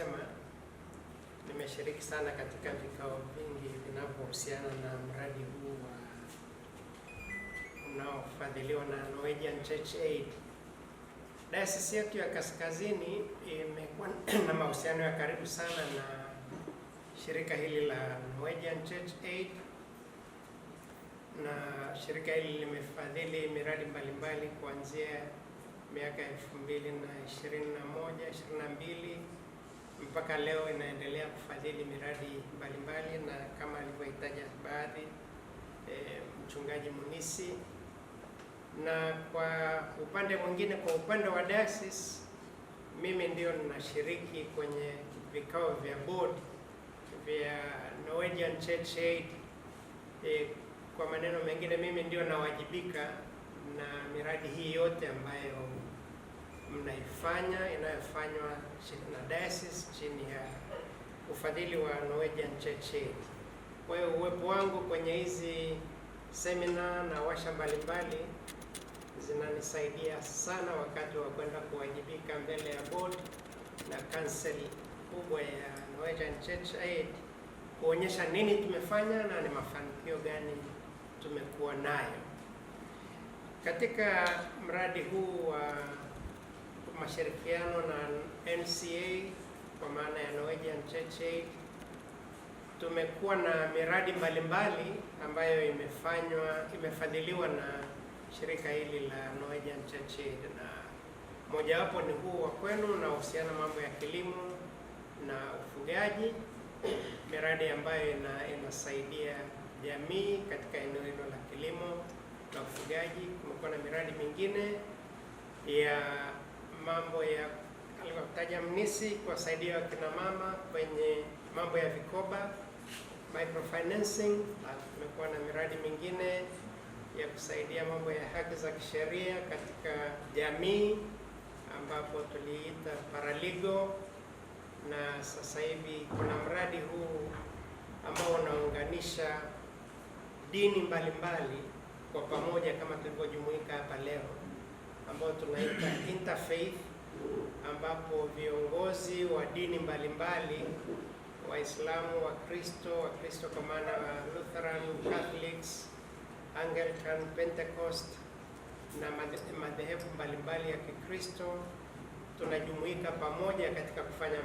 kusema nimeshiriki sana katika vikao vingi vinavyohusiana na mradi huu wa unaofadhiliwa na Norwegian Church Aid. Dayosisi yetu ya Kaskazini imekuwa na mahusiano ya karibu sana na shirika hili la Norwegian Church Aid na shirika hili limefadhili miradi mbalimbali kuanzia miaka 2021, 22 mpaka leo inaendelea kufadhili miradi mbalimbali mbali, na kama alivyohitaja baadhi e, mchungaji Munisi, na kwa upande mwingine, kwa upande wa diocese mimi ndio ninashiriki kwenye vikao vya board vya Norwegian Church Aid. E, kwa maneno mengine, mimi ndio nawajibika na miradi hii yote ambayo mnaifanya inayofanywa na diocese chini ya ufadhili wa Norwegian Church Aid. Kwa hiyo uwepo wangu kwenye hizi semina na washa mbalimbali zinanisaidia sana wakati wa kwenda kuwajibika mbele ya board na council kubwa ya Norwegian Church Aid kuonyesha nini tumefanya na ni mafanikio gani tumekuwa nayo katika mradi huu wa uh, mashirikiano na NCA kwa maana ya Norwegian Church Aid tumekuwa na miradi mbalimbali mbali ambayo imefanywa imefadhiliwa na shirika hili la Norwegian Church Aid, na mojawapo ni huu wa kwenu unaohusiana mambo ya kilimo na ufugaji, miradi ambayo ina, inasaidia jamii katika eneo hilo la kilimo na ufugaji. Kumekuwa na miradi mingine ya mambo ya alivyotaja mnisi kuwasaidia wakina mama kwenye mambo ya vikoba microfinancing. Tumekuwa na miradi mingine ya kusaidia mambo ya haki za kisheria katika jamii ambapo tuliita paralegal, na sasa hivi kuna mradi huu ambao unaunganisha dini mbalimbali mbali kwa pamoja kama tulivyojumuika hapa leo ambayo tunaita interfaith, ambapo viongozi wa dini mbalimbali Waislamu, Wakristo, Wakristo kwa maana wa uh, Lutheran, Catholics, Anglican, Pentecost na madhehebu mbalimbali ya Kikristo tunajumuika pamoja katika kufanya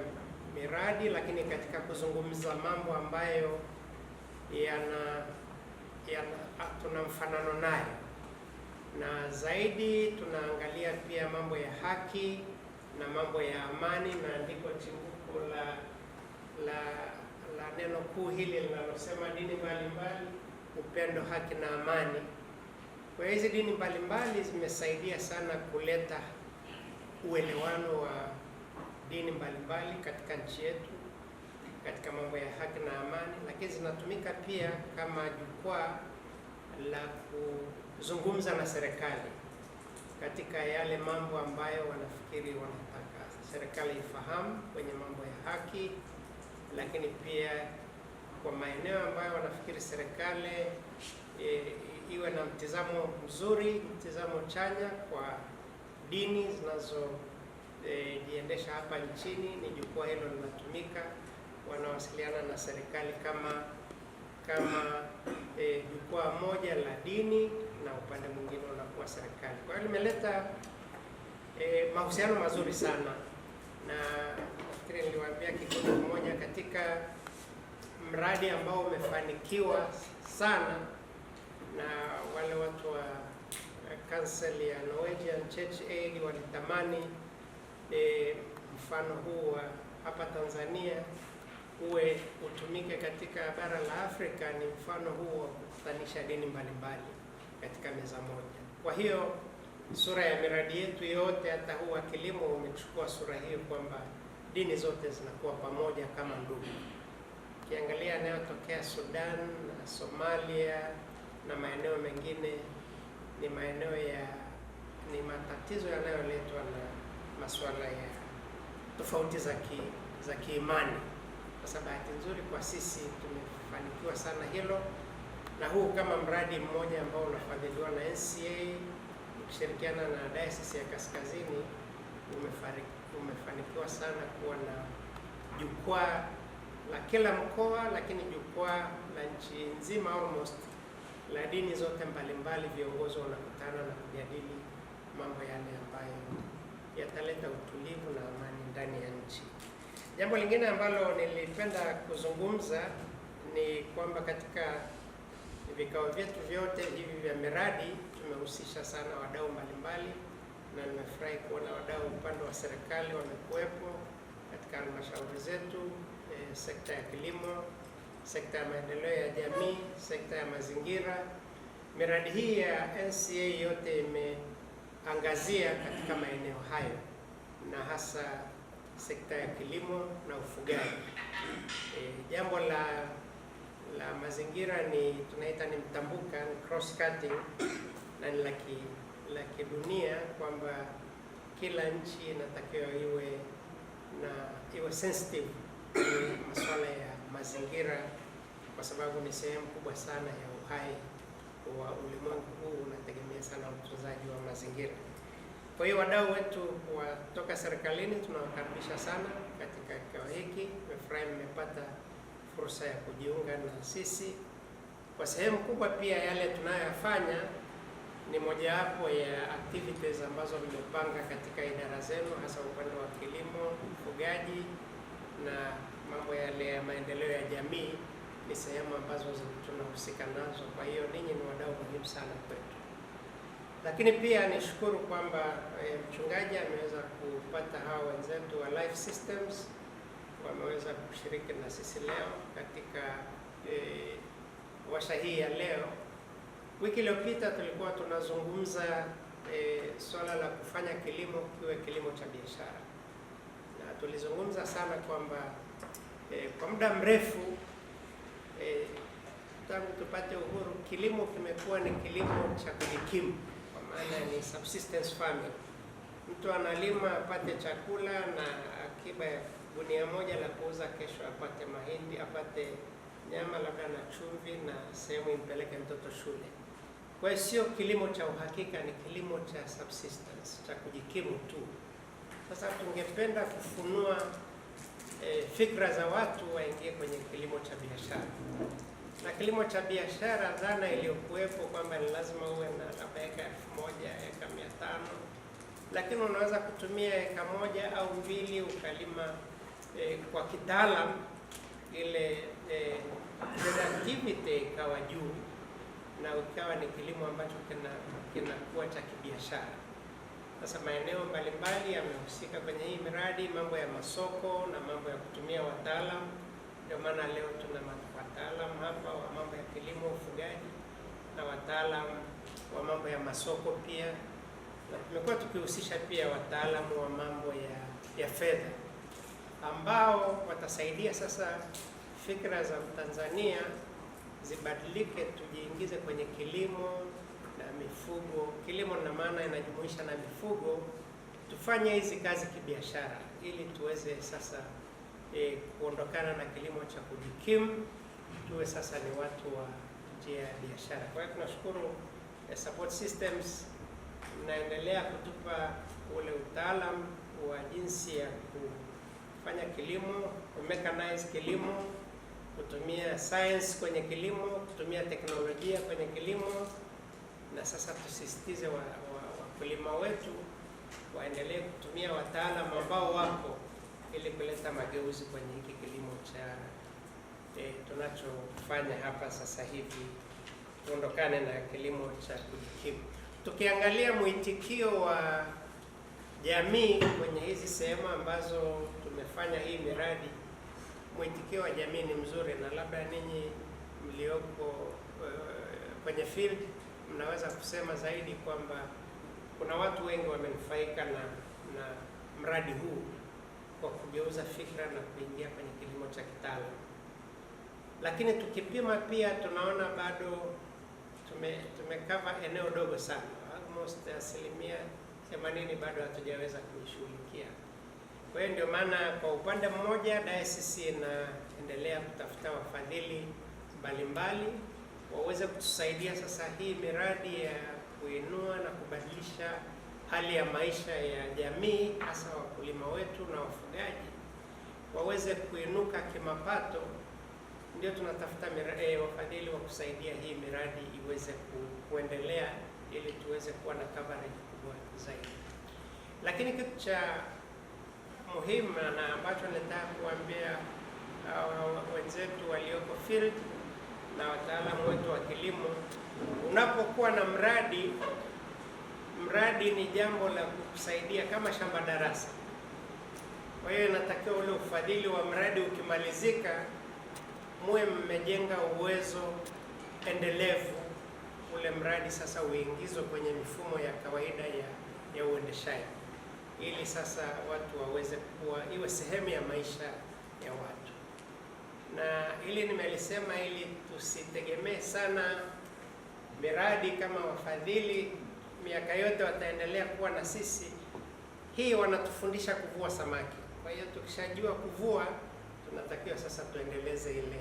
miradi, lakini katika kuzungumza mambo ambayo yana, yana tuna mfanano nayo na zaidi tunaangalia pia mambo ya haki na mambo ya amani, na ndiko chimbuko la la la neno kuu hili linalosema dini mbalimbali, upendo, haki na amani. Kwa hizi dini mbalimbali zimesaidia sana kuleta uelewano wa dini mbalimbali katika nchi yetu katika mambo ya haki na amani, lakini zinatumika pia kama jukwaa la ku kuzungumza na serikali katika yale mambo ambayo wanafikiri wanataka serikali ifahamu kwenye mambo ya haki, lakini pia kwa maeneo ambayo wanafikiri serikali e, iwe na mtizamo mzuri, mtizamo chanya kwa dini zinazojiendesha e, hapa nchini. Ni jukwaa hilo linatumika, wanawasiliana na serikali kama kama e, jukwaa moja la dini na upande mwingine unakuwa serikali. Kwa hiyo limeleta eh, mahusiano mazuri sana, na nafikiri niliwaambia kikundi kimoja katika mradi ambao umefanikiwa sana na wale watu wa eh, Council ya Norwegian Church Aid walitamani e, mfano huu wa hapa Tanzania uwe utumike katika bara la Afrika. Ni mfano huu wa kukutanisha dini mbalimbali katika meza moja. Kwa hiyo sura ya miradi yetu yote, hata huu wa kilimo umechukua sura hiyo kwamba dini zote zinakuwa pamoja kama ndugu. Ukiangalia yanayotokea Sudan na Somalia na maeneo mengine, ni maeneo ya ni matatizo yanayoletwa na masuala ya tofauti za ki, za kiimani. Sasa bahati nzuri kwa sisi tumefanikiwa sana hilo na huu kama mradi mmoja ambao unafadhiliwa na NCA ukishirikiana na Dayosisi ya Kaskazini umefanikiwa sana kuwa na jukwaa la kila mkoa, lakini jukwaa la nchi nzima almost la dini zote mbalimbali, viongozi wanakutana na kujadili mambo yale ambayo yataleta utulivu na amani ndani ya nchi. Jambo lingine ambalo nilipenda kuzungumza ni kwamba katika Vikao vyetu vyote hivi vya miradi tumehusisha sana wadau mbalimbali, na nimefurahi kuona wadau upande wa serikali wamekuwepo katika halmashauri zetu, e, sekta ya kilimo, sekta ya maendeleo ya jamii, sekta ya mazingira. Miradi hii ya NCA yote imeangazia katika maeneo hayo na hasa sekta ya kilimo na ufugaji. E, jambo la la mazingira ni tunaita ni mtambuka, ni cross cutting na ni la kidunia, kwamba kila nchi inatakiwa iwe na iwe sensitive masuala ya mazingira, kwa sababu ni sehemu kubwa sana ya uhai wa ulimwengu huu, unategemea sana utunzaji wa mazingira. Kwa hiyo wadau wetu kutoka serikalini tunawakaribisha sana katika kikao hiki. Nimefurahi mmepata fursa ya kujiunga na sisi. Kwa sehemu kubwa pia yale tunayoyafanya ni mojawapo ya activities ambazo mmepanga katika idara zenu, hasa upande wa kilimo, ufugaji na mambo yale ya maendeleo ya jamii ni sehemu ambazo tunahusika nazo. Kwa hiyo ninyi ni wadau muhimu sana kwetu, lakini pia nishukuru kwamba e, mchungaji ameweza kupata hawa wenzetu wa Life Systems wameweza kushiriki na sisi leo katika eh, washa hii ya leo. Wiki iliyopita tulikuwa tunazungumza eh, swala la kufanya kilimo kiwe kilimo cha biashara, na tulizungumza sana kwamba eh, kwa muda mrefu eh, tangu tupate uhuru kilimo kimekuwa ni kilimo cha kujikimu, kwa maana ni subsistence farming, mtu analima apate chakula na akiba ya gunia moja la kuuza kesho, apate mahindi, apate nyama, labda na chumvi na sehemu impeleke mtoto shule. Kwa hiyo sio kilimo cha uhakika, ni kilimo cha subsistence, cha kujikimu tu. Sasa tungependa kufunua eh, fikra za watu waingie kwenye kilimo cha biashara na kilimo cha biashara, dhana iliyokuwepo kwamba ni lazima uwe na labda eka elfu moja eka mia tano lakini unaweza kutumia eka moja au mbili ukalima eh, kwa kitaalam ile eh, productivity ikawa juu na ukawa ni kilimo ambacho kinakuwa kina cha kibiashara. Sasa maeneo mbalimbali yamehusika kwenye hii miradi, mambo ya masoko na mambo ya kutumia wataalam. Ndio maana leo tuna wataalam hapa wa mambo ya kilimo, ufugaji na wataalam wa mambo ya masoko pia, na tumekuwa tukihusisha pia wataalamu wa mambo ya, ya fedha ambao watasaidia sasa fikra za Mtanzania zibadilike, tujiingize kwenye kilimo na mifugo. Kilimo na maana inajumuisha na mifugo, tufanye hizi kazi kibiashara, ili tuweze sasa e, kuondokana na kilimo cha kujikimu, tuwe sasa ni watu wa njia ya biashara. Kwa hiyo tunashukuru eh, support systems mnaendelea kutupa ule utaalam wa jinsi ya ku kufanya kilimo, mechanize kilimo, kutumia science kwenye kilimo, kutumia teknolojia kwenye kilimo. Na sasa tusisitize wakulima wa, wa wetu waendelee kutumia wataalamu ambao wako ili kuleta mageuzi kwenye hiki kilimo cha e, tunachofanya hapa sasa hivi, tuondokane na kilimo cha kujikimu. Tukiangalia mwitikio wa jamii kwenye hizi sehemu ambazo tumefanya hii miradi, mwitikio wa jamii ni mzuri, na labda ninyi mlioko eh, kwenye field mnaweza kusema zaidi kwamba kuna watu wengi wamenufaika na na mradi huu kwa kugeuza fikra na kuingia kwenye kilimo cha kitaalamu, lakini tukipima pia tunaona bado tume- tumekava eneo dogo sana, almost asilimia themanini bado hatujaweza kuishughulikia. Kwa hiyo ndio maana kwa upande mmoja dayosisi inaendelea kutafuta wafadhili mbalimbali waweze kutusaidia sasa hii miradi ya kuinua na kubadilisha hali ya maisha ya jamii, hasa wakulima wetu na wafugaji waweze kuinuka kimapato. Ndio tunatafuta eh, wafadhili wa kusaidia hii miradi iweze kuendelea ili tuweze kuwa na coverage kubwa zaidi. Lakini kitu cha muhimu na ambacho nataka kuambia uh, wenzetu walioko field na wataalamu wetu wa kilimo, unapokuwa na mradi, mradi ni jambo la kukusaidia kama shamba darasa. Kwa hiyo inatakiwa ule ufadhili wa mradi ukimalizika, muwe mmejenga uwezo endelevu ule mradi sasa uingizwe kwenye mifumo ya kawaida ya, ya uendeshaji ili sasa watu waweze kuwa iwe sehemu ya maisha ya watu, na hili nimelisema ili tusitegemee sana miradi kama wafadhili miaka yote wataendelea kuwa na sisi. Hii wanatufundisha kuvua samaki. Kwa hiyo tukishajua kuvua, tunatakiwa sasa tuendeleze ile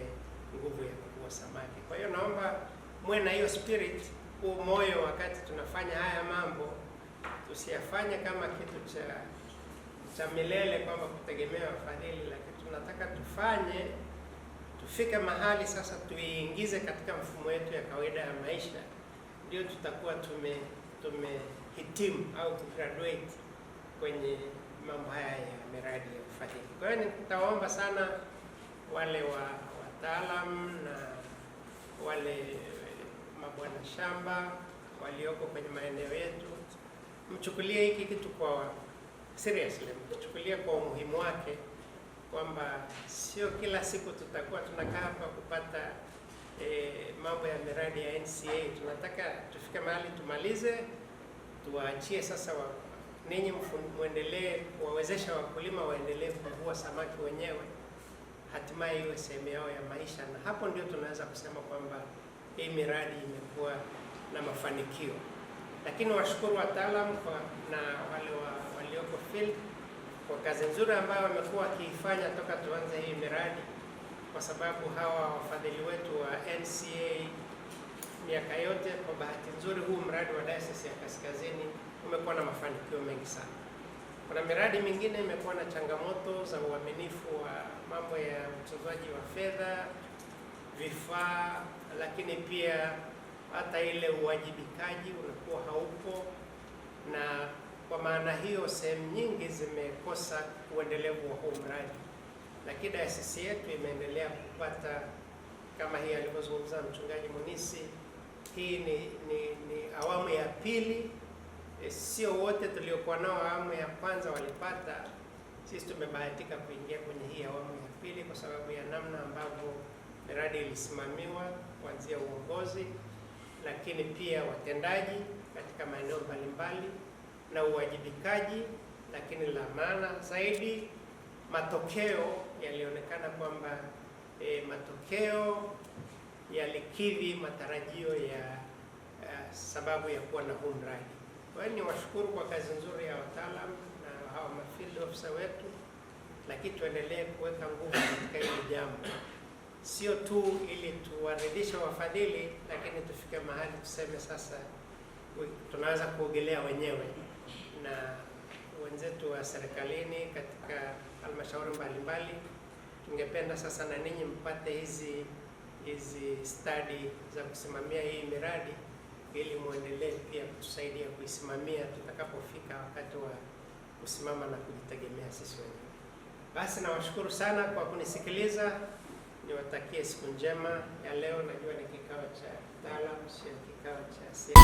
nguvu ya kuvua samaki. Kwa hiyo naomba mwe na hiyo spirit, huu moyo, wakati tunafanya haya mambo, tusiyafanye kama kitu cha cha milele, kwamba kutegemea wafadhili, lakini tunataka tufanye tufike mahali sasa tuiingize katika mfumo yetu ya kawaida ya maisha, ndio tutakuwa tume tumehitimu au kugraduate kwenye mambo haya ya miradi ya ufadhili. Kwa hiyo nitaomba sana wale wa wataalamu na wale mabwana shamba walioko kwenye maeneo yetu, mchukulie hiki kitu kwa seriously, mchukulie kwa umuhimu wake, kwamba sio kila siku tutakuwa tunakaa hapa kupata e, mambo ya miradi ya NCA. Tunataka tufike mahali tumalize, tuwaachie sasa wa, ninyi mwendelee kuwawezesha wakulima waendelee kuvua samaki wenyewe, hatimaye iwe sehemu yao ya maisha, na hapo ndio tunaweza kusema kwamba hii miradi imekuwa na mafanikio, lakini washukuru wataalamu na wale wa, walioko field kwa kazi nzuri ambayo wamekuwa wakiifanya toka tuanze hii miradi, kwa sababu hawa wafadhili wetu wa NCA miaka yote, kwa bahati nzuri huu mradi wa Dayosisi ya Kaskazini umekuwa na mafanikio mengi sana. Kuna miradi mingine imekuwa na changamoto za uaminifu wa mambo ya utunzaji wa fedha vifaa, lakini pia hata ile uwajibikaji unakuwa haupo, na kwa maana hiyo sehemu nyingi zimekosa uendelevu wa huu mradi, lakini taasisi yetu imeendelea kupata kama hii alivyozungumza mchungaji Munisi, hii ni, ni, ni awamu ya pili. E, sio wote tuliokuwa nao awamu ya kwanza walipata. Sisi tumebahatika kuingia kwenye hii awamu ya pili kwa sababu ya namna ambavyo miradi ilisimamiwa kuanzia uongozi, lakini pia watendaji katika maeneo mbalimbali na uwajibikaji, lakini la maana zaidi matokeo yalionekana kwamba e, matokeo yalikidhi matarajio ya uh, sababu ya kuwa na huu mradi. Kwa hiyo ni washukuru kwa kazi nzuri ya wataalam na hawa mafield officer wetu, lakini tuendelee kuweka nguvu katika hili jambo sio tu ili tuwaridhishe wafadhili, lakini tufike mahali tuseme sasa tunaweza kuogelea wenyewe na wenzetu wa serikalini katika halmashauri mbalimbali. Tungependa sasa na ninyi mpate hizi hizi stadi za kusimamia hii miradi ili muendelee pia kutusaidia kuisimamia tutakapofika wakati wa kusimama na kujitegemea sisi wenyewe. Basi nawashukuru sana kwa kunisikiliza niwatakie siku njema ya leo. Najua ni kikao cha kitaalam, sio kikao cha siasa.